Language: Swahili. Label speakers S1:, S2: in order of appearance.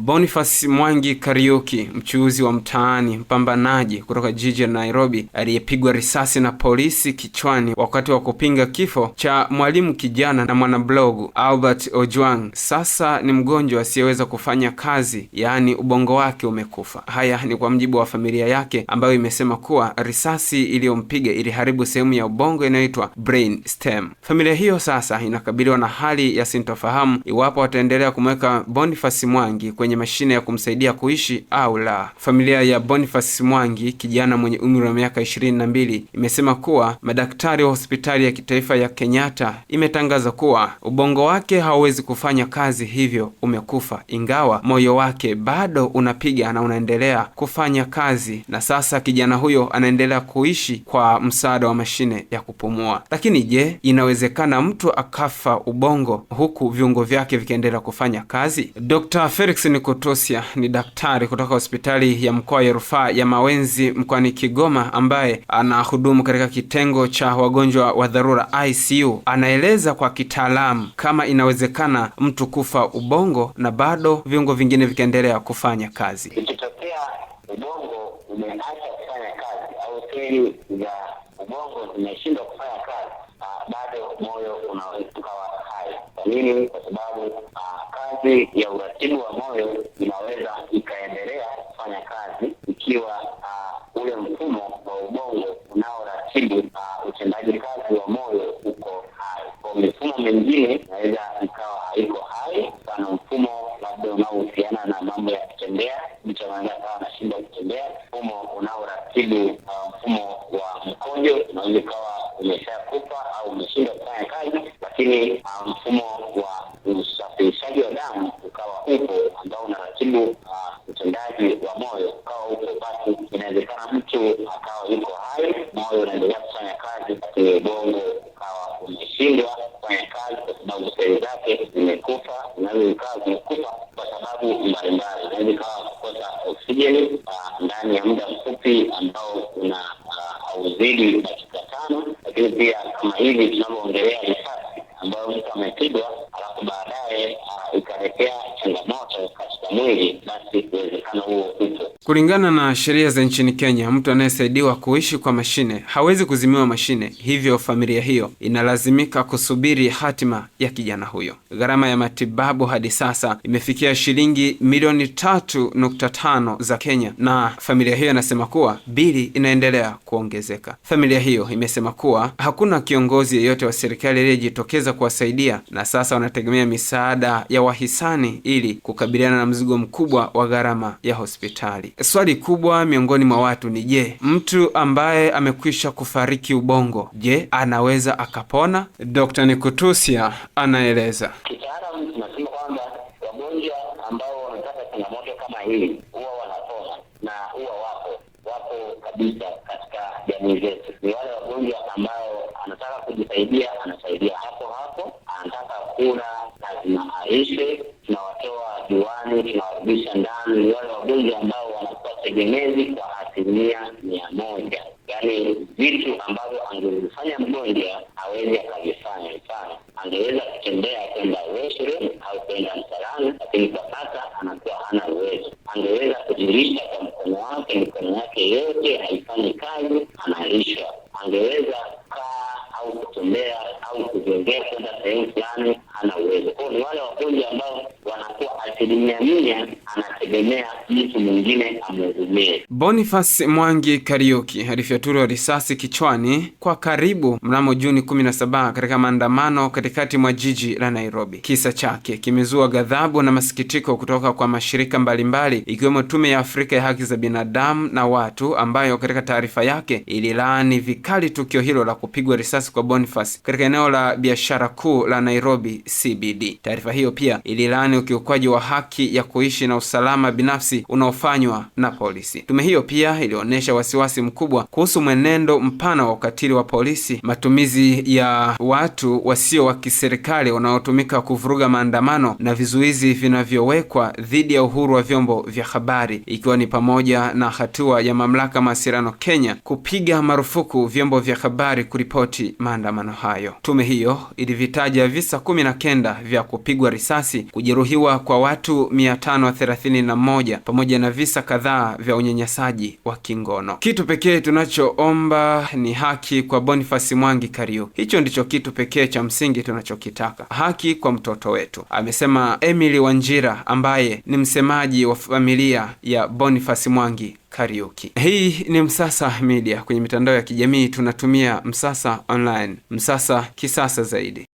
S1: Boniface Mwangi Kariuki, mchuuzi wa mtaani, mpambanaji kutoka jiji la Nairobi, aliyepigwa risasi na polisi kichwani wakati wa kupinga kifo cha mwalimu kijana na mwanablogu Albert Ojwang, sasa ni mgonjwa asiyeweza kufanya kazi, yaani ubongo wake umekufa. Haya ni kwa mjibu wa familia yake ambayo imesema kuwa risasi iliyompiga iliharibu sehemu ya ubongo inayoitwa brain stem. Familia hiyo sasa inakabiliwa na hali ya sintofahamu iwapo wataendelea kumweka Boniface Mwangi kwenye kwenye mashine ya kumsaidia kuishi au la. Familia ya Boniface Mwangi, kijana mwenye umri wa miaka ishirini na mbili, imesema kuwa madaktari wa hospitali ya kitaifa ya Kenyatta imetangaza kuwa ubongo wake hauwezi kufanya kazi, hivyo umekufa, ingawa moyo wake bado unapiga na unaendelea kufanya kazi, na sasa kijana huyo anaendelea kuishi kwa msaada wa mashine ya kupumua. Lakini je, inawezekana mtu akafa ubongo huku viungo vyake vikiendelea kufanya kazi? Dr. Felix ni John Kutusya ni daktari kutoka hospitali ya mkoa ya rufaa ya Mawenzi mkoani Kigoma, ambaye anahudumu katika kitengo cha wagonjwa wa dharura ICU. Anaeleza kwa kitaalamu kama inawezekana mtu kufa ubongo na bado viungo vingine vikaendelea kufanya kazi.
S2: Ikitokea ubongo umeacha kufanya kazi au seli za ubongo zimeshindwa kazi ikiwa uh, ule mfumo wa ubongo unaoratibu uh, ah, utendaji kazi wa moyo uko hai. Kwa mifumo mingine inaweza ikawa haiko hai, mfano mfumo mwanamke akawa yuko hai, moyo unaendelea kufanya kazi, lakini bongo ukawa umeshindwa kufanya kazi kwa sababu seli zake zimekufa, zinaweza zikawa zimekufa kwa sababu mbalimbali, inaweza ikawa kukosa oksijeni ah, ndani ya muda mfupi ambao una ah, hauzidi dakika tano, lakini pia kama hivi tunavyoongelea risasi ambayo mtu amepigwa Kulingana na sheria za nchini Kenya, mtu anayesaidiwa kuishi kwa mashine hawezi kuzimiwa mashine, hivyo familia hiyo inalazimika kusubiri hatima ya kijana huyo. Gharama ya matibabu hadi sasa imefikia shilingi milioni tatu nukta tano za Kenya, na familia hiyo inasema kuwa bili inaendelea kuongezeka. Familia hiyo imesema kuwa hakuna kiongozi yeyote wa serikali aliyejitokeza kuwasaidia, na sasa wanategemea misaada ya wahisani ili kukabiliana na mzigo mkubwa wa gharama ya hospitali. Swali kubwa miongoni mwa watu ni je, mtu ambaye amekwisha kufariki ubongo, je, anaweza akapona? Dr. Nikutusia anaeleza. Kitaalamu tunasema kwamba wagonjwa ambao wanapata changamoto kama hii huwa wanapona na huwa wapo wapo kabisa katika jamii zetu. Ni wale wagonjwa ambao anataka kujisaidia, anasaidia hapo hapo, anataka kula, lazima aishe, tunawatoa juani, tunawarudisha ndani. Ni wale wagonjwa ambao tegemezi kwa asilimia mia moja, yaani vitu ambavyo angevifanya mgonjwa hawezi akavifanya. Mfano, angeweza kutembea kwenda washroom au kwenda msalani, lakini kwa sasa anakuwa hana uwezo. Angeweza kujirisha kwa mkono wake, mikono yake yote haifanyi kazi, anarishwa Angeweza kukaa au kutembea au kujongea kwenda sehemu fulani, hana uwezo. Kwao ni wale wagonjwa ambao wanakuwa asilimia mia anategemea mtu mwingine amhudumie. Boniface Mwangi Kariuki alifyatura risasi kichwani kwa karibu mnamo Juni 17 katika maandamano katikati mwa jiji la Nairobi. Kisa chake kimezua ghadhabu na masikitiko kutoka kwa mashirika mbalimbali ikiwemo Tume ya Afrika ya Haki za Binadamu na Watu ambayo katika taarifa yake ililaani vikali tukio hilo la kupigwa risasi kwa Boniface katika eneo la biashara kuu la Nairobi CBD. Taarifa hiyo pia ililaani ukiukwaji wa haki ya kuishi na usalama binafsi unaofanywa na polisi. Tume hiyo pia ilionyesha wasiwasi mkubwa kuhusu mwenendo mpana wa ukatili wa polisi, matumizi ya watu wasio wa kiserikali wanaotumika kuvuruga maandamano na vizuizi vinavyowekwa dhidi ya uhuru wa vyombo vya habari, ikiwa ni pamoja na hatua ya mamlaka mawasiliano Kenya kupiga marufuku vyombo vya habari kuripoti maandamano hayo. Tume hiyo ilivitaja visa kumi na kenda vya kupigwa risasi, kujeruhiwa kwa watu 531 pamoja na visa kadhaa vya unyanyasaji wa kingono. Kitu pekee tunachoomba ni haki kwa Boniface Mwangi Kariuki. Hicho ndicho kitu pekee cha msingi tunachokitaka, haki kwa mtoto wetu, amesema Emily Wanjira ambaye ni msemaji wa familia ya Boniface Mwangi Kariuki. Hii ni Msasa Media. Kwenye mitandao ya kijamii tunatumia Msasa Online, Msasa kisasa zaidi.